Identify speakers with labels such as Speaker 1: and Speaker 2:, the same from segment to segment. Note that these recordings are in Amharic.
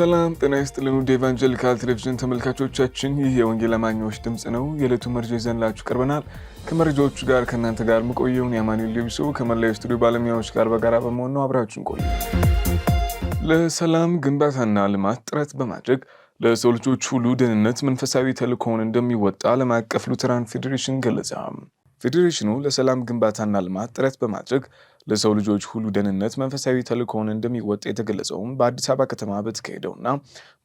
Speaker 1: ሰላም ጤና ይስጥልን ውድ ቴሌቪዥን ተመልካቾቻችን፣ ይህ የወንጌል አማኞች ድምፅ ነው። የዕለቱ መረጃ ይዘንላችሁ ቀርበናል። ከመረጃዎቹ ጋር ከእናንተ ጋር መቆየውን የአማኑኤል ሊብሶ ከመላው ስቱዲዮ ባለሙያዎች ጋር በጋራ በመሆን ነው። አብራችን ቆዩ። ለሰላም ግንባታና ልማት ጥረት በማድረግ ለሰው ልጆች ሁሉ ደህንነት መንፈሳዊ ተልእኮውን እንደሚወጣ ዓለም አቀፍ ሉተራን ፌዴሬሽን ገለጸ። ፌዴሬሽኑ ለሰላም ግንባታና ልማት ጥረት በማድረግ ለሰው ልጆች ሁሉ ደህንነት መንፈሳዊ ተልእኮውን እንደሚወጣ የተገለጸውም በአዲስ አበባ ከተማ በተካሄደውና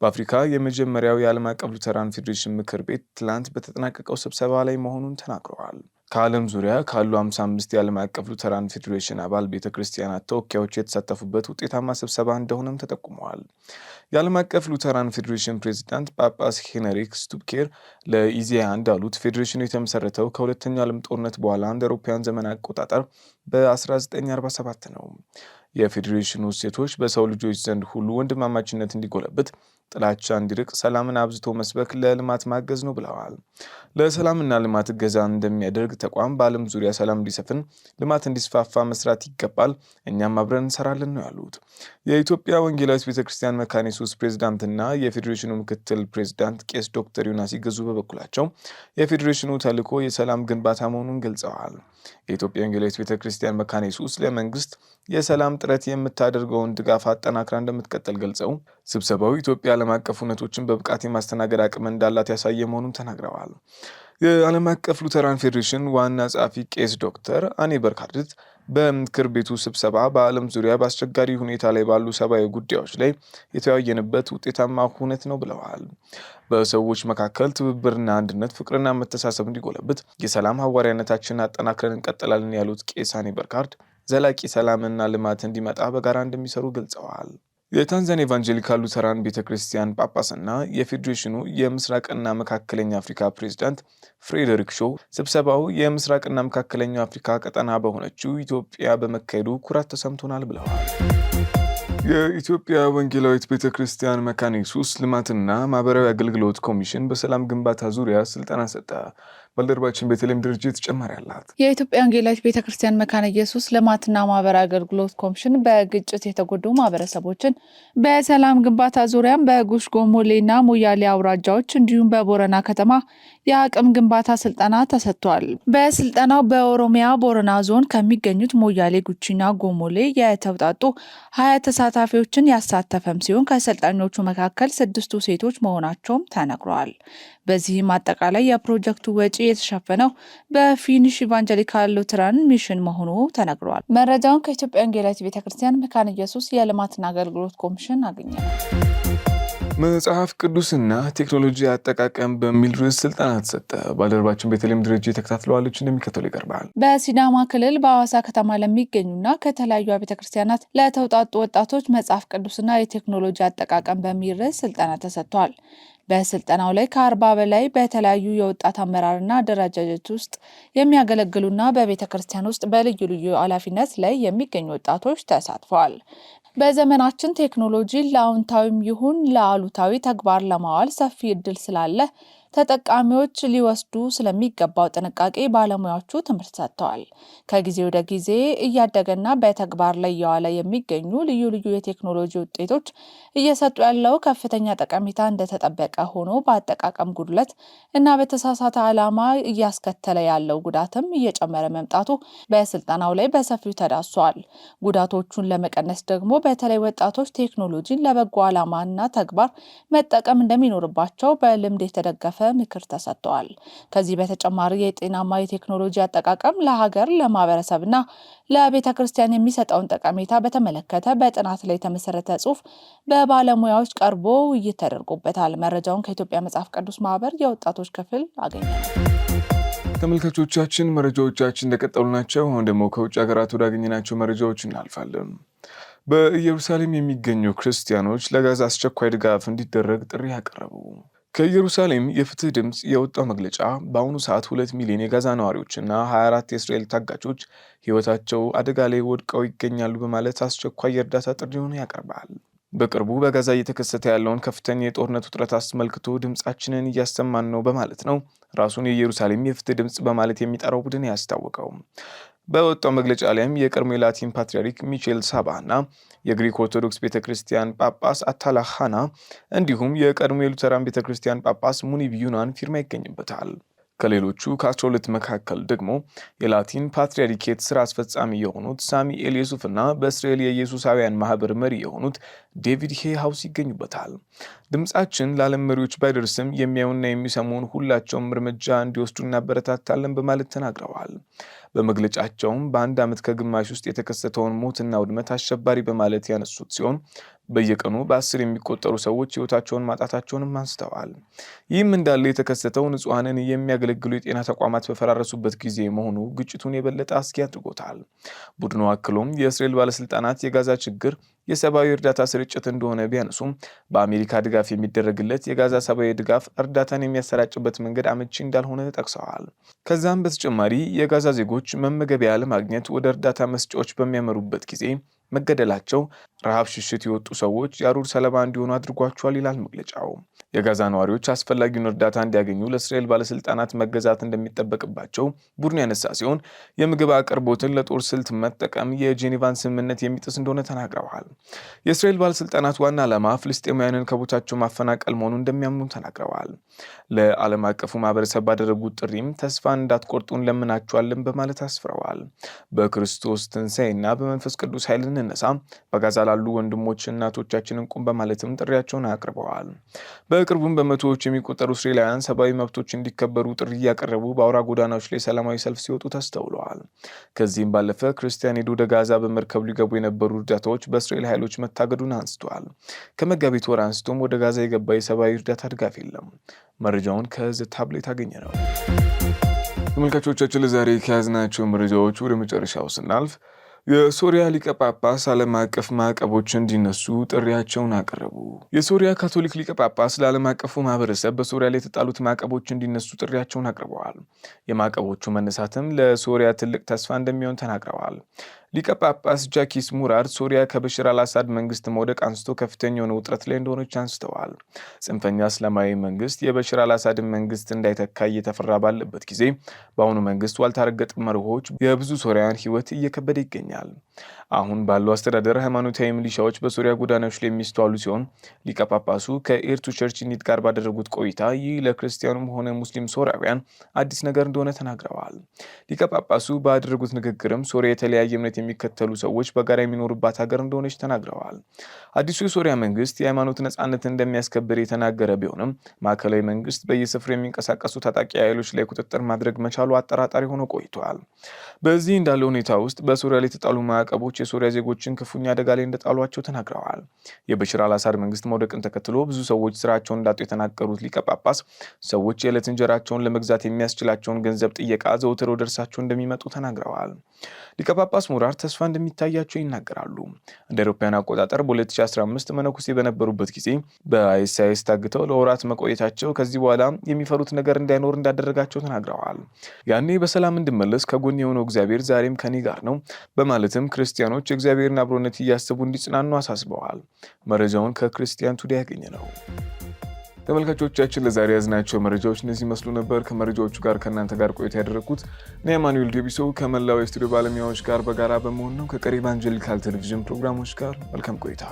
Speaker 1: በአፍሪካ የመጀመሪያው የዓለም አቀፍ ሉተራን ፌዴሬሽን ምክር ቤት ትላንት በተጠናቀቀው ስብሰባ ላይ መሆኑን ተናግረዋል። ከዓለም ዙሪያ ካሉ 55 የዓለም አቀፍ ሉተራን ፌዴሬሽን አባል ቤተ ክርስቲያናት ተወካዮች የተሳተፉበት ውጤታማ ስብሰባ እንደሆነም ተጠቁመዋል። የዓለም አቀፍ ሉተራን ፌዴሬሽን ፕሬዚዳንት ጳጳስ ሄነሪክ ስቱብኬር ለኢዜአ እንዳሉት ፌዴሬሽኑ የተመሰረተው ከሁለተኛው ዓለም ጦርነት በኋላ እንደ አውሮፓውያን ዘመን አቆጣጠር በ1947 ነው። የፌዴሬሽኑ እሴቶች በሰው ልጆች ዘንድ ሁሉ ወንድማማችነት እንዲጎለብት ጥላቻ እንዲርቅ ሰላምን አብዝቶ መስበክ ለልማት ማገዝ ነው ብለዋል። ለሰላምና ልማት እገዛ እንደሚያደርግ ተቋም በዓለም ዙሪያ ሰላም እንዲሰፍን፣ ልማት እንዲስፋፋ መስራት ይገባል። እኛም አብረን እንሰራለን ነው ያሉት። የኢትዮጵያ ወንጌላዊት ቤተክርስቲያን ክርስቲያን መካነ ኢየሱስ ፕሬዚዳንትና የፌዴሬሽኑ ምክትል ፕሬዚዳንት ቄስ ዶክተር ዮናስ ይገዙ በበኩላቸው የፌዴሬሽኑ ተልዕኮ የሰላም ግንባታ መሆኑን ገልጸዋል። የኢትዮጵያ ወንጌላዊት ቤተክርስቲያን ክርስቲያን መካነ ኢየሱስ ለመንግስት የሰላም ጥረት የምታደርገውን ድጋፍ አጠናክራ እንደምትቀጥል ገልጸው ስብሰባው ኢትዮጵያ ዓለም አቀፍ እውነቶችን በብቃት የማስተናገድ አቅም እንዳላት ያሳየ መሆኑን ተናግረዋል። የዓለም አቀፍ ሉተራን ፌዴሬሽን ዋና ጸሐፊ ቄስ ዶክተር አኔ በርካርድት በምክር ቤቱ ስብሰባ በዓለም ዙሪያ በአስቸጋሪ ሁኔታ ላይ ባሉ ሰብአዊ ጉዳዮች ላይ የተወያየንበት ውጤታማ ሁነት ነው ብለዋል። በሰዎች መካከል ትብብርና አንድነት፣ ፍቅርና መተሳሰብ እንዲጎለብት የሰላም ሐዋርያነታችንን አጠናክረን እንቀጥላለን ያሉት ቄስ አኔ በርካርድ ዘላቂ ሰላምና ልማት እንዲመጣ በጋራ እንደሚሰሩ ገልጸዋል። የታንዛኒያ ኤቫንጀሊካል ሉተራን ቤተ ክርስቲያን ጳጳስና የፌዴሬሽኑ የምስራቅና መካከለኛ አፍሪካ ፕሬዚዳንት ፍሬደሪክ ሾው ስብሰባው የምስራቅና መካከለኛው አፍሪካ ቀጠና በሆነችው ኢትዮጵያ በመካሄዱ ኩራት ተሰምቶናል ብለዋል። የኢትዮጵያ ወንጌላዊት ቤተ ክርስቲያን መካነ ኢየሱስ ልማትና ማህበራዊ አገልግሎት ኮሚሽን በሰላም ግንባታ ዙሪያ ስልጠና ሰጠ። ባልደረባችን በተለይም ድርጅት ጭማሪ አላት።
Speaker 2: የኢትዮጵያ ወንጌላዊት ቤተ ክርስቲያን መካነ ኢየሱስ ልማትና ማህበራዊ አገልግሎት ኮሚሽን በግጭት የተጎዱ ማህበረሰቦችን በሰላም ግንባታ ዙሪያም በጉሽ ጎሞሌና ሞያሌ አውራጃዎች እንዲሁም በቦረና ከተማ የአቅም ግንባታ ስልጠና ተሰጥቷል። በስልጠናው በኦሮሚያ ቦረና ዞን ከሚገኙት ሞያሌ፣ ጉቺና ጎሞሌ የተውጣጡ ሀያ ተሳታፊዎችን ያሳተፈም ሲሆን ከሰልጣኞቹ መካከል ስድስቱ ሴቶች መሆናቸውም ተነግረዋል። በዚህም አጠቃላይ የፕሮጀክቱ ወጪ የተሸፈነው በፊኒሽ ኢቫንጀሊካል ሉትራን ሚሽን መሆኑ ተነግረዋል። መረጃውን ከኢትዮጵያ ወንጌላዊት ቤተክርስቲያን መካነ ኢየሱስ የልማትና አገልግሎት ኮሚሽን አገኘ ነው።
Speaker 1: መጽሐፍ ቅዱስና ቴክኖሎጂ አጠቃቀም በሚል ርዕስ ስልጠና ተሰጠ። ባልደረባችን በተለይም ድርጅ ተከታትለዋለች እንደሚከተሉ ይቀርባል።
Speaker 2: በሲዳማ ክልል በአዋሳ ከተማ ለሚገኙና ከተለያዩ ቤተክርስቲያናት ክርስቲያናት ለተውጣጡ ወጣቶች መጽሐፍ ቅዱስና የቴክኖሎጂ አጠቃቀም በሚል ርዕስ ስልጠና ተሰጥቷል። በስልጠናው ላይ ከአርባ በላይ በተለያዩ የወጣት አመራርና አደረጃጀት ውስጥ የሚያገለግሉና በቤተ ክርስቲያን ውስጥ በልዩ ልዩ ኃላፊነት ላይ የሚገኙ ወጣቶች ተሳትፈዋል። በዘመናችን ቴክኖሎጂ ለአዎንታዊም ይሁን ለአሉታዊ ተግባር ለማዋል ሰፊ እድል ስላለ ተጠቃሚዎች ሊወስዱ ስለሚገባው ጥንቃቄ ባለሙያዎቹ ትምህርት ሰጥተዋል። ከጊዜ ወደ ጊዜ እያደገና በተግባር ላይ እየዋለ የሚገኙ ልዩ ልዩ የቴክኖሎጂ ውጤቶች እየሰጡ ያለው ከፍተኛ ጠቀሜታ እንደተጠበቀ ሆኖ በአጠቃቀም ጉድለት እና በተሳሳተ ዓላማ እያስከተለ ያለው ጉዳትም እየጨመረ መምጣቱ በስልጠናው ላይ በሰፊው ተዳሷል። ጉዳቶቹን ለመቀነስ ደግሞ በተለይ ወጣቶች ቴክኖሎጂን ለበጎ ዓላማና ተግባር መጠቀም እንደሚኖርባቸው በልምድ የተደገፈ ያካተተ ምክር ተሰጥተዋል። ከዚህ በተጨማሪ የጤናማ የቴክኖሎጂ አጠቃቀም ለሀገር ለማህበረሰብና ለቤተ ክርስቲያን የሚሰጠውን ጠቀሜታ በተመለከተ በጥናት ላይ የተመሰረተ ጽሑፍ በባለሙያዎች ቀርቦ ውይይት ተደርጎበታል። መረጃውን ከኢትዮጵያ መጽሐፍ ቅዱስ ማህበር የወጣቶች ክፍል አገኘ።
Speaker 1: ተመልካቾቻችን መረጃዎቻችን እንደቀጠሉ ናቸው። አሁን ደግሞ ከውጭ ሀገራት ወዳገኘናቸው መረጃዎች እናልፋለን። በኢየሩሳሌም የሚገኙ ክርስቲያኖች ለጋዛ አስቸኳይ ድጋፍ እንዲደረግ ጥሪ አቀረቡ። ከኢየሩሳሌም የፍትህ ድምፅ የወጣው መግለጫ በአሁኑ ሰዓት ሁለት ሚሊዮን የጋዛ ነዋሪዎች እና 24 የእስራኤል ታጋቾች ህይወታቸው አደጋ ላይ ወድቀው ይገኛሉ በማለት አስቸኳይ የእርዳታ ጥሪውን ያቀርባል። በቅርቡ በጋዛ እየተከሰተ ያለውን ከፍተኛ የጦርነት ውጥረት አስመልክቶ ድምፃችንን እያሰማን ነው በማለት ነው ራሱን የኢየሩሳሌም የፍትህ ድምፅ በማለት የሚጠራው ቡድን ያስታወቀው። በወጣው መግለጫ ላይም የቀድሞ የላቲን ሚቼል ሳባ እና የግሪክ ኦርቶዶክስ ቤተ ክርስቲያን ጳጳስ አታላሃና እንዲሁም የቀድሞ የሉተራን ቤተ ክርስቲያን ጳጳስ ሙኒብ ዩናን ፊርማ ይገኝበታል። ከሌሎቹ ከአስራ ሁለት መካከል ደግሞ የላቲን ፓትሪያሪኬት ስራ አስፈጻሚ የሆኑት ሳሚኤል እና በእስራኤል የኢየሱሳውያን ማህበር መሪ የሆኑት ዴቪድ ሄ ሀውስ ይገኙበታል። ድምፃችን ለዓለም መሪዎች ባይደርስም የሚያዩና የሚሰሙን ሁላቸውም እርምጃ እንዲወስዱ እናበረታታለን በማለት ተናግረዋል። በመግለጫቸውም በአንድ ዓመት ከግማሽ ውስጥ የተከሰተውን ሞትና ውድመት አሸባሪ በማለት ያነሱት ሲሆን በየቀኑ በአስር የሚቆጠሩ ሰዎች ህይወታቸውን ማጣታቸውንም አንስተዋል። ይህም እንዳለ የተከሰተው ንጹሐንን የሚያገለግሉ የጤና ተቋማት በፈራረሱበት ጊዜ መሆኑ ግጭቱን የበለጠ አስጊ አድርጎታል። ቡድኑ አክሎም የእስራኤል ባለስልጣናት የጋዛ ችግር የሰብአዊ እርዳታ ስርጭት እንደሆነ ቢያነሱም በአሜሪካ ድጋፍ የሚደረግለት የጋዛ ሰብአዊ ድጋፍ እርዳታን የሚያሰራጭበት መንገድ አመቺ እንዳልሆነ ጠቅሰዋል። ከዛም በተጨማሪ የጋዛ ዜጎች መመገቢያ ለማግኘት ወደ እርዳታ መስጫዎች በሚያመሩበት ጊዜ መገደላቸው ረሃብ ሽሽት የወጡ ሰዎች የአሩር ሰለባ እንዲሆኑ አድርጓቸዋል ይላል መግለጫው። የጋዛ ነዋሪዎች አስፈላጊውን እርዳታ እንዲያገኙ ለእስራኤል ባለስልጣናት መገዛት እንደሚጠበቅባቸው ቡድኑ ያነሳ ሲሆን የምግብ አቅርቦትን ለጦር ስልት መጠቀም የጄኔቫን ስምምነት የሚጥስ እንደሆነ ተናግረዋል። የእስራኤል ባለስልጣናት ዋና ዓላማ ፍልስጤማውያንን ከቦታቸው ማፈናቀል መሆኑ እንደሚያምኑ ተናግረዋል። ለዓለም አቀፉ ማህበረሰብ ባደረጉት ጥሪም ተስፋ እንዳትቆርጡ እንለምናችኋለን በማለት አስፍረዋል። በክርስቶስ ትንሣኤና በመንፈስ ቅዱስ ኃይል እንነሳ፣ በጋዛ ላሉ ወንድሞች እናቶቻችንን ቁም በማለትም ጥሪያቸውን አቅርበዋል። በቅርቡም በመቶዎች የሚቆጠሩ እስራኤላውያን ሰብአዊ መብቶች እንዲከበሩ ጥሪ እያቀረቡ በአውራ ጎዳናዎች ላይ ሰላማዊ ሰልፍ ሲወጡ ተስተውለዋል። ከዚህም ባለፈ ክርስቲያን ሄዶ ወደ ጋዛ በመርከብ ሊገቡ የነበሩ እርዳታዎች በእስራኤል ኃይሎች መታገዱን አንስተዋል። ከመጋቢት ወር አንስቶም ወደ ጋዛ የገባ የሰብአዊ እርዳታ ድጋፍ የለም። መረጃውን ከዝ ታብሌት አገኘ ነው። ተመልካቾቻችን ለዛሬ ከያዝናቸው መረጃዎች ወደ መጨረሻው ስናልፍ የሶሪያ ሊቀ ጳጳስ ዓለም አቀፍ ማዕቀቦች እንዲነሱ ጥሪያቸውን አቀረቡ። የሶሪያ ካቶሊክ ሊቀ ጳጳስ ለዓለም አቀፉ ማህበረሰብ በሶሪያ ላይ የተጣሉት ማዕቀቦች እንዲነሱ ጥሪያቸውን አቅርበዋል። የማዕቀቦቹ መነሳትም ለሶሪያ ትልቅ ተስፋ እንደሚሆን ተናግረዋል። ሊቀ ጳጳስ ጃኪስ ሙራድ ሶሪያ ከበሽር አልአሳድ መንግስት መውደቅ አንስቶ ከፍተኛ የሆነ ውጥረት ላይ እንደሆነች አንስተዋል። ጽንፈኛ እስላማዊ መንግስት የበሽር አልአሳድን መንግስት እንዳይተካ እየተፈራ ባለበት ጊዜ በአሁኑ መንግስት ዋልታረገጥ መርሆች የብዙ ሶሪያን ህይወት እየከበደ ይገኛል። አሁን ባለው አስተዳደር ሃይማኖታዊ ሚሊሻዎች በሶሪያ ጎዳናዎች ላይ የሚስተዋሉ ሲሆን ሊቀ ጳጳሱ ከኤርቱ ቸርች ኒት ጋር ባደረጉት ቆይታ ይህ ለክርስቲያኑም ሆነ ሙስሊም ሶሪያውያን አዲስ ነገር እንደሆነ ተናግረዋል። ሊቀጳጳሱ ባደረጉት ንግግርም ሶሪያ የተለያየ እምነት የሚከተሉ ሰዎች በጋራ የሚኖሩባት ሀገር እንደሆነች ተናግረዋል። አዲሱ የሶሪያ መንግስት የሃይማኖት ነፃነት እንደሚያስከብር የተናገረ ቢሆንም ማዕከላዊ መንግስት በየስፍሩ የሚንቀሳቀሱ ታጣቂ ኃይሎች ላይ ቁጥጥር ማድረግ መቻሉ አጠራጣሪ ሆኖ ቆይቷል። በዚህ እንዳለ ሁኔታ ውስጥ በሶሪያ ላይ የተጣሉ ማዕቀቦች ጀቶች የሶሪያ ዜጎችን ክፉኛ አደጋ ላይ እንደጣሏቸው ተናግረዋል። የበሽር አልአሳድ መንግስት መውደቅን ተከትሎ ብዙ ሰዎች ስራቸውን እንዳጡ የተናገሩት ሊቀ ጳጳስ ሰዎች የዕለት እንጀራቸውን ለመግዛት የሚያስችላቸውን ገንዘብ ጥየቃ ዘውትር ወደ እርሳቸው እንደሚመጡ ተናግረዋል። ሊቀጳጳስ ጳጳስ ሙራር ተስፋ እንደሚታያቸው ይናገራሉ። እንደ አውሮፓውያን አቆጣጠር በ2015 መነኩሴ በነበሩበት ጊዜ በአይኤስአይኤስ ታግተው ለወራት መቆየታቸው ከዚህ በኋላ የሚፈሩት ነገር እንዳይኖር እንዳደረጋቸው ተናግረዋል። ያኔ በሰላም እንድመለስ ከጎን የሆነው እግዚአብሔር ዛሬም ከኔ ጋር ነው በማለትም ክርስቲያን ክርስቲያኖች የእግዚአብሔርን አብሮነት እያሰቡ እንዲጽናኑ አሳስበዋል። መረጃውን ከክርስቲያን ቱዴ ያገኘ ነው። ተመልካቾቻችን ለዛሬ ያዝናቸው መረጃዎች እነዚህ መስሉ ነበር። ከመረጃዎቹ ጋር ከእናንተ ጋር ቆይታ ያደረግኩት እኔ አማኑኤል ዴቢሶ ከመላው የስቱዲዮ ባለሙያዎች ጋር በጋራ በመሆን ነው። ከቀሪ ኢቫንጀሊካል ቴሌቪዥን ፕሮግራሞች ጋር መልካም ቆይታ